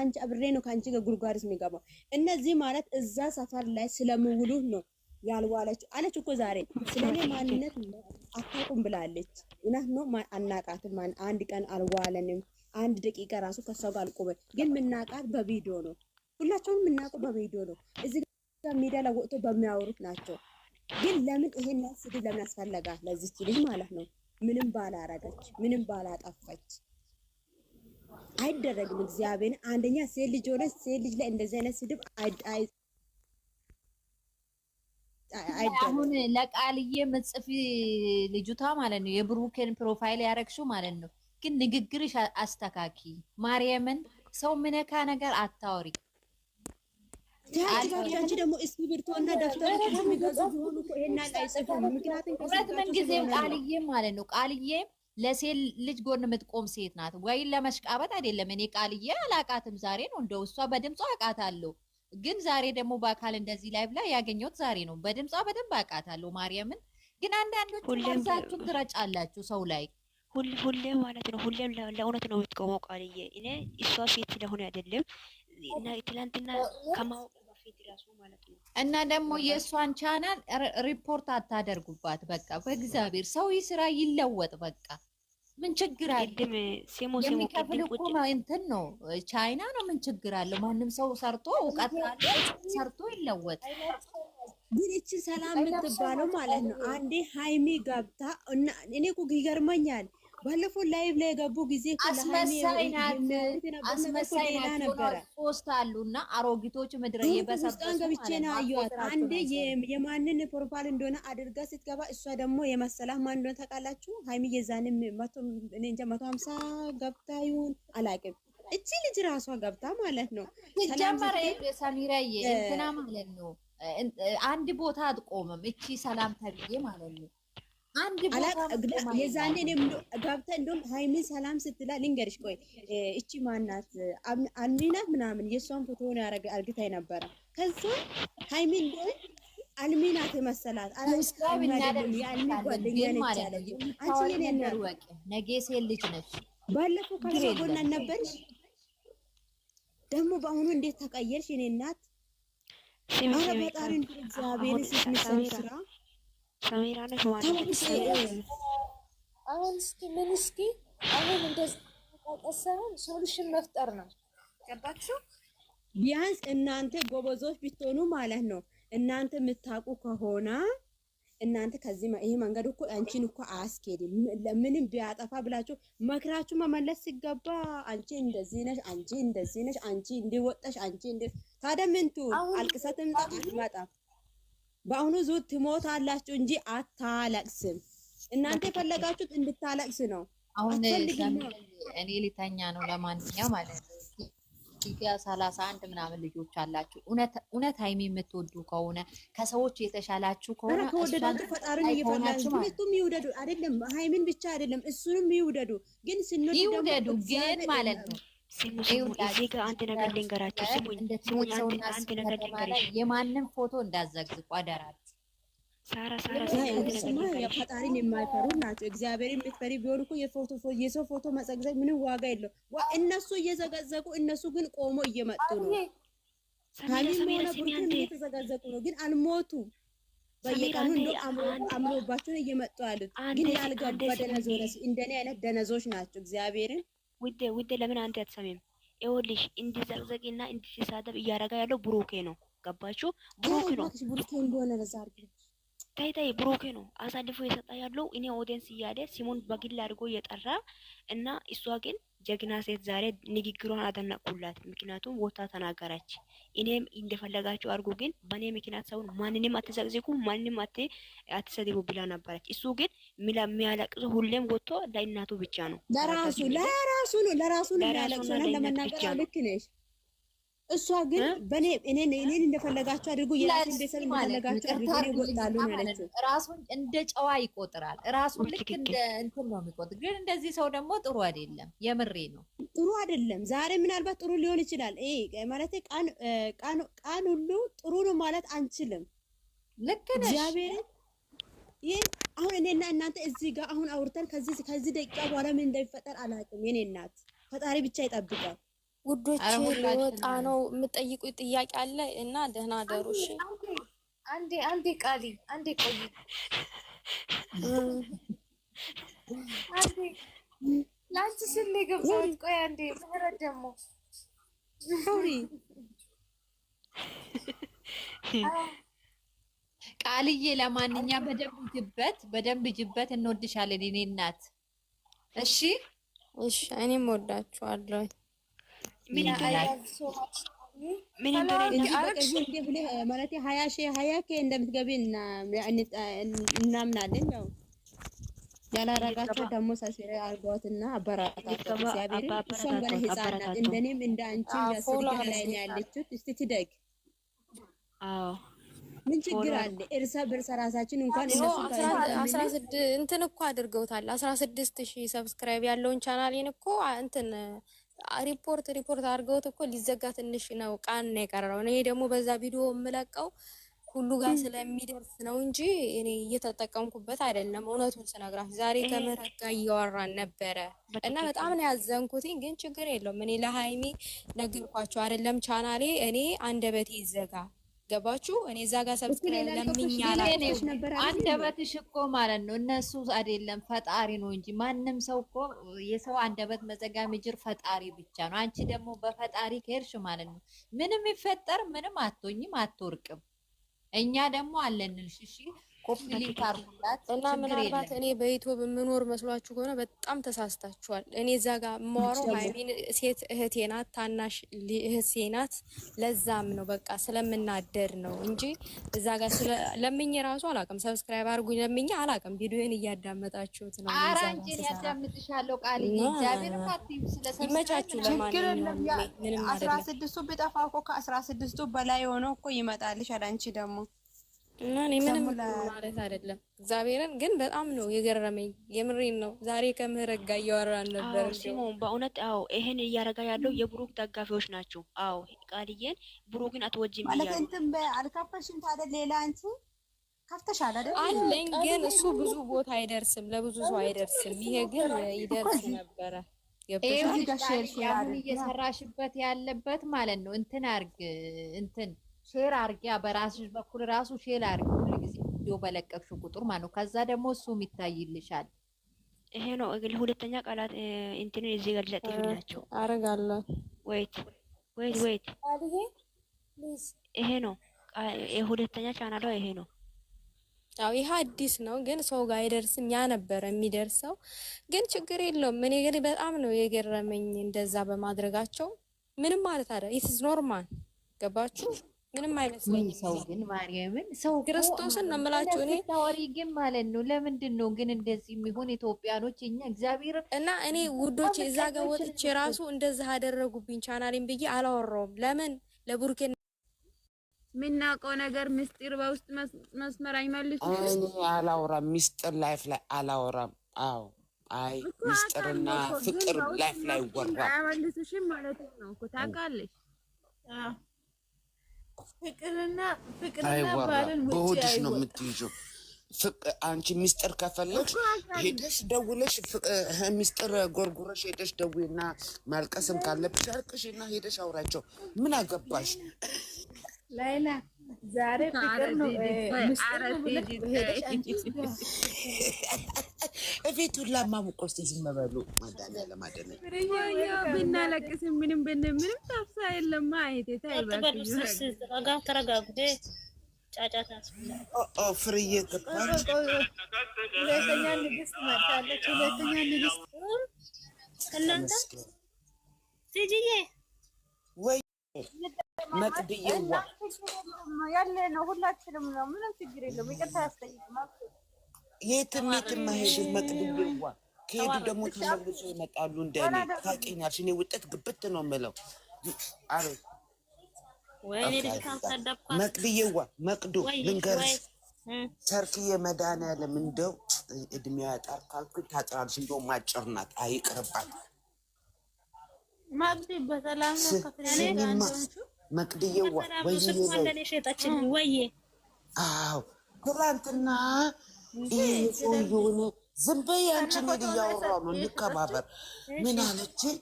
አንቺ አብሬ ነው ከአንቺ ጋር ጉድጓድ ውስጥ የሚገባው። እነዚህ ማለት እዛ ሰፈር ላይ ስለምውሉ ነው ያልዋለች አለች እኮ ዛሬ ስለኔ ማንነት አታውቁም ብላለች። እውነት ነው አናቃትም። አንድ ቀን አልዋለንም። አንድ ደቂቃ ራሱ ከሰው ጋር አልቆመ። ግን ምናቃት በቪዲዮ ነው። ሁላቸውም ምናውቁ በቪዲዮ ነው። እዚህ ጋር ሚዲያ ላይ ወጥቶ በሚያወሩት ናቸው። ግን ለምን ይሄን ስድብ ለምን አስፈለጋ? ለዚች ልጅ ማለት ነው ምንም ባላረገች ምንም ባላጠፋች አይደረግም። እግዚአብሔር አንደኛ ሴት ልጅ ሆነ ሴት ልጅ ላይ እንደዚህ አይነት ስድብ አይ አሁን ለቃልዬ መጽፊ ልጅቷ ማለት ነው የብሩኬን ፕሮፋይል ያረግሽው ማለት ነው። ግን ንግግርሽ አስተካኪ። ማርያምን ሰው ምነካ ነገር አታወሪ። ዳጅ ደግሞ እና ደፍተር የሚገዙ ሆኑ ይሄና ላይ ጽፉ። ምክንያቱም ሁለት ምን ጊዜም ቃልዬ ማለት ነው ቃልዬ ለሴት ልጅ ጎን የምትቆም ሴት ናት። ወይ ለመሽቃበጥ አይደለም። እኔ ቃልዬ አላቃትም ዛሬ ነው እንደው እሷ በድምጿ አውቃታለሁ፣ ግን ዛሬ ደግሞ በአካል እንደዚህ ላይ ብላ ያገኘሁት ዛሬ ነው። በድምጿ በደንብ አውቃታለሁ ማርያምን። ግን አንዳንዶች ዛችሁ ትረጫላችሁ ሰው ላይ ሁሌም ማለት ነው። ሁሌም ለእውነት ነው የምትቆመው ቃልዬ። እኔ እሷ ሴት ስለሆነ አይደለም ትላንትና ከማወቅ እና ደግሞ የእሷን ቻናል ሪፖርት አታደርጉባት። በቃ በእግዚአብሔር ሰው ስራ ይለወጥ። በቃ ምን ችግር አለው? የሚከፍል እኮ እንትን ነው ቻይና ነው። ምን ችግር አለው? ማንም ሰው ሰርቶ እውቀት ሰርቶ ይለወጥ። ግን እቺ ሰላም የምትባለው ማለት ነው አንዴ ሀይሚ ገብታ እኔ እኮ ይገርመኛል ባለፈው ላይቭ ላይ የገቡ ጊዜ አስመሳይ ናት። ሶስት አሉና አሮጊቶች ምድረ የበሰጣን ገብቼ ና አየዋት። አንዴ የማንን ፕሮፋይል እንደሆነ አድርጋ ስትገባ እሷ ደግሞ የመሰላ ማን እንደሆነ ታውቃላችሁ? ሀይሚ የዛንም መቶ ሀምሳ ገብታ ይሁን አላቅም እቺ ልጅ ራሷ ገብታ ማለት ነው ጀመረ ሰሚራዬ እንትና ማለት ነው አንድ ቦታ አትቆምም። እቺ ሰላም ተብዬ ማለት ነው የዛኔ ገብተ እንደውም ሀይሚን ሰላም ስትላ ልንገርሽ፣ ቆይ እቺ ማናት አልሚናት ምናምን የእሷን ፎቶ ሆነ ያረገ ነበረ። ከዛ ሀይሚ እንደ አልሚናት የመሰላት አልሚናትአልሚ ጓደኛ ነች አለች። አንቺ ልጅ ነች። ባለፈው ከሷ ጎና ነበርሽ፣ ደግሞ በአሁኑ እንዴት ተቀየርሽ? እኔ እናት ኧረ ፈጣሪ እግዚአብሔር ስራ ካሜራ ነሽ ማለት አሁን እስኪ ምን እስኪ አሁን እንደዚህ ሶሉሽን መፍጠር ነው። ገባችሁ? ቢያንስ እናንተ ጎበዞች ብትሆኑ ማለት ነው። እናንተ የምታውቁ ከሆነ እናንተ ከዚህ ይሄ መንገድ እኮ አንቺን እኮ አያስኬድም፣ ምንም ቢያጠፋ ብላችሁ መክራችሁ መመለስ ሲገባ አንቺ እንደዚህ ነሽ፣ አንቺ እንደዚህ ነሽ፣ አንቺ እንዲወጣሽ፣ አንቺ እንዲ ታዲያ ምንቱ አልቅሰትም ጣ በአሁኑ ዙር ትሞታላችሁ እንጂ አታለቅስም። እናንተ የፈለጋችሁት እንድታለቅስ ነው። አሁን እኔ ሊተኛ ነው። ለማንኛው ማለት ነው ሰላሳ አንድ ምናምን ልጆች አላችሁ። እውነት ሀይሚ የምትወዱ ከሆነ ከሰዎች የተሻላችሁ ከሆነ ከወደዳችሁ ፈጣሪን እየፈላችሁ ሁለቱም ይውደዱ። አይደለም ሀይሚን ብቻ አይደለም እሱንም ይውደዱ። ግን ስንወድ ይውደዱ ግን ማለት ነው አንድ ነገር ልንገራቸው። የማንም ፎቶ እንዳዘግዝቁ አደራት። ፈጣሪን የማይፈሩ ናቸው። እግዚአብሔር የምትፈሪ ቢሆን እኮ የሰው ፎቶ መዘግዘግ ምንም ዋጋ የለው። እነሱ እየዘገዘቁ እነሱ ግን ቆሞ እየመጡ ነው። ሀሚም ሆነ እየተዘጋዘቁ ነው፣ ግን አልሞቱ በየቀኑ እንደ እየመጡ ግን ያልገባ እንደኔ አይነት ደነዞች ናቸው እግዚአብሔርን ውዴ ውዴ፣ ለምን አንተ አትሰሚም? ይኸውልሽ እንዲዘቅዘቅ እና እንዲሳደብ እያደረገ ያለው ብሩኬ ነው። ገባችሁ? ብሩኬ ነው ታይ ታይ ብሩኬ ነው አሳልፎ የሰጣ ያለው እኔ ኦዲየንስ እያለ ሲሞን በግል አድርጎ እየጠራ እና እሷ ግን ጀግና ሴት ዛሬ ንግግሯን አደነቁላት። ምክንያቱም ቦታ ተናገረች። እኔም እንደፈለጋችሁ አድርጉ፣ ግን በእኔ ምክንያት ሰውን ማንንም አትዘቅዝቁ፣ ማንንም አትሰድቡ ብላ ነበረች። እሱ ግን የሚያለቅሰው ሁሌም ወጥቶ ለእናቱ ብቻ ነው። ለራሱ ለራሱ ነው ለራሱ ነው የሚያለቅሰው። ለመናገር ልክ ነሽ እሷ ግን በእኔ እኔን እኔን እንደፈለጋችሁ አድርጉ የራሱን ቤተሰብ እንደፈለጋችሁ አድርጉ ይወጣሉ ማለት ነው። ራሱን እንደ ጨዋ ይቆጥራል። ራሱን ልክ እንደ እንትን ነው የሚቆጥር። ግን እንደዚህ ሰው ደግሞ ጥሩ አይደለም። የምሬ ነው፣ ጥሩ አይደለም። ዛሬ ምናልባት ጥሩ ሊሆን ይችላል። ይሄ ማለት ቃን ቃን ቃን ሁሉ ጥሩ ነው ማለት አንችልም። ልክ ነሽ እግዚአብሔር ይሄ አሁን እኔና እናንተ እዚህ ጋር አሁን አውርተን ከዚህ ከዚህ ደቂቃ በኋላ ምን እንደሚፈጠር አላውቅም። የኔ እናት ፈጣሪ ብቻ ይጠብቃል። ውዶች ወጣ ነው የምጠይቁ ጥያቄ አለ እና ደህና ደሩሽ። አንዴ አንዴ ቃሊ አንዴ ቆይ አንዴ ለአንቺ ስል የገባሁት ቆይ አንዴ ምህረት ደግሞ ቃልዬ ለማንኛ በደንብ ጅበት በደንብ ጅበት እንወድሻለን የኔ እናት። እሺ እሺ፣ እኔም ወዳችኋለሁ። ማለት ሀያ ሺህ ሀያ ኬ እንደምትገቢ እናምናለን። ያው ያላረጋቸው ደግሞ ሰፊ አርጓት አበራታቸው። እሷም ህፃን ናት፣ እንደኔም እንደ አንቺ ላይ ነው ያለችው። እስቲ ትደግ። ምን ችግር አለ? እርሰ በርሰ ራሳችን እንኳን አስራ ስድስት እንትን እኮ አድርገውታል። አስራ ስድስት ሺ ሰብስክራይብ ያለውን ቻናሌን እኮ እንትን ሪፖርት ሪፖርት አድርገውት እኮ ሊዘጋ ትንሽ ነው ቃን ነው የቀረው። እኔ ደግሞ በዛ ቪዲዮ የምለቀው ሁሉ ጋር ስለሚደርስ ነው እንጂ እኔ እየተጠቀምኩበት አይደለም። እውነቱን ስነግራት ዛሬ ከምህረት ጋር እያወራን ነበረ እና በጣም ነው ያዘንኩትኝ። ግን ችግር የለውም እኔ ለሀይሚ ነገርኳቸው አይደለም ቻናሌ እኔ አንደበቴ ይዘጋ ገባችሁ? እኔ እዛ ጋር ሰብስክራይብ ለምኛላችሁ። አንደበትሽ እኮ ማለት ነው እነሱ አይደለም ፈጣሪ ነው እንጂ ማንም ሰው እኮ የሰው አንደበት መዘጋ ምጅር ፈጣሪ ብቻ ነው። አንቺ ደግሞ በፈጣሪ ከሄድሽ ማለት ነው ምንም ይፈጠር ምንም አትሆኝም፣ አትወርቅም። እኛ ደግሞ አለንልሽ እሺ እና ምናልባት እኔ በኢትዮ የምኖር መስሏችሁ ከሆነ በጣም ተሳስታችኋል። እኔ እዛ ጋር የማወራው ሀይሚን ሴት እህቴ ናት፣ ታናሽ እህቴ ናት። ለዛም ነው በቃ ስለምናደር ነው እንጂ እዛ ጋር ለምኝ ራሱ አላውቅም። ሰብስክራይብ አድርጉኝ ለምኝ አላውቅም። ቪዲዮን እያዳመጣችሁት ነው። አራንጅን ያዳምጥሻለሁ። ቃል እግዚአብሔር ይመቻችሁ። ለማንኛውም አስራ ስድስቱ ብጠፋ እኮ ከአስራ ስድስቱ በላይ የሆነው እኮ ይመጣልሻል። አንቺ ደግሞ እና እኔ ምንም ማለት አይደለም። እግዚአብሔርን ግን በጣም ነው የገረመኝ። የምሬን ነው። ዛሬ ከምህረት ጋር እያወራን ነበር ሲሆን በእውነት አዎ፣ ይሄን እያረጋ ያለው የብሩክ ደጋፊዎች ናቸው። አዎ ቃልዬን ብሩክን አትወጂም ማለት እንትን አልከፈሽም ታዲያ ሌላ አንቺ ከፍተሻል አይደል? አለኝ ግን እሱ ብዙ ቦታ አይደርስም፣ ለብዙ ሰው አይደርስም። ይሄ ግን ይደርስ ነበረ። ይሄ እየሰራሽበት ያለበት ማለት ነው እንትን አርግ እንትን ሼር አርጊ። በራስሽ በኩል ራሱ ሼር አርጊ ሁልጊዜ ቪዲዮ በለቀቅሽ ቁጥር ማለት ነው። ከዛ ደግሞ እሱም ይታይልሻል። ይሄ ነው እግል ሁለተኛ ቃላት እንትኑ እዚህ ጋር ለጥፍላቸው አረጋለሁ። ወይት ወይት ወይት ይሄ ነው የሁለተኛ ቻናሏ ይሄ ነው። አዎ ይሄ አዲስ ነው፣ ግን ሰው ጋር አይደርስም። ያ ነበረ የሚደርሰው፣ ግን ችግር የለውም። እኔ ግን በጣም ነው የገረመኝ እንደዛ በማድረጋቸው ምንም ማለት አይደል። ኢትስ ኖርማል ገባችሁ? ምንም አይመስለኝ። ሰው ግን ማርያምን ሰው ክርስቶስን ነው የምላችሁ። እኔ ታወሪ ግን ማለት ነው። ለምንድን ነው ግን እንደዚህ የሚሆን ኢትዮጵያኖች? እኛ እግዚአብሔር እና እኔ ውዶች፣ እዛ ጋር ወጥቼ ራሱ እንደዚህ አደረጉብኝ ቻናሌን ብዬ አላወራውም። ለምን ለቡርኬ የምናውቀው ነገር ምስጢር በውስጥ መስመር አይመልሱ። እኔ አላወራም ምስጢር ላይፍ ላይ አላወራም። አዎ አይ ምስጢርና ፍቅር ላይፍ ላይ ወራ አይመልሱሽም ማለት ነው እኮ ታውቃለሽ። ፍቅርና ፍቅርና ባልን በሆድሽ ነው የምትይዘው። አንቺ ሚስጥር ከፈለግሽ ሄደሽ ደውለሽ ሚስጥር ጎርጉረሽ ሄደሽ ደዌና ማልቀስም ካለብሽ አልቅሽና ሄደሽ አውራቸው። ምን አገባሽ ላይላ? ዛሬ ፍቅር ነው እቤት ሁላ ማሙቆ ውስጥ ዝም በሉ። ማዳሚያ ለማደነ ብናለቅስ ምንም ብን ምንም ታፍሳ የለማ አይቴታ ይባሉ ተረጋጉ። ጫጫታ ፍርዬ ሁለተኛ ንግስት መጣለች። ሁለተኛ ንግስት እናንተ ትጅዬ ወይ መቅድዬዋ ያለ ነው። ሁላችንም ነው። ምንም ችግር የለም። ይቅርታ ያስጠይቅ የትም የትም ማሄድ መቅድልዋ ከሄዱ ደግሞ ተመልሶ ይመጣሉ። እንደኔ ታውቂኛለሽ፣ እኔ ውጠት ግብት ነው የምለው። አረ መቅድዬዋ መቅዶ ልንገርሽ፣ ሰርክዬ መድኃኒዓለም እንደው እድሜዋ ያጣር ካልኩኝ ታጥራለች። እንደውም አጭር ናት፣ አይቅርባት መቅድዬዋ ወይ ትላንትና የሆነ ዝም በይ አንቺ። እንግዲህ እያወራሁ ነው እንከባበር። ምን አለችኝ?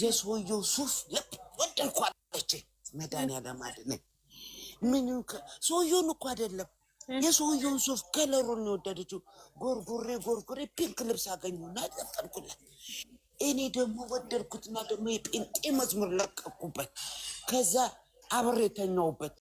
የሰውየው ሱፍ ወደድኩ አለችኝ። መድኃኒዓለም አድነኝ። ምን ሰውየውን እኮ አይደለም የሰውየውን ሱፍ ከለሩን የወደደችው። ጎርጉሬ ጎርጉሬ ፒንክ ልብስ አገኙና ጠጠልኩላት። እኔ ደግሞ ወደድኩትና ደግሞ የጴንጤ መዝሙር ለቀኩበት። ከዛ አብሬ ተኛውበት።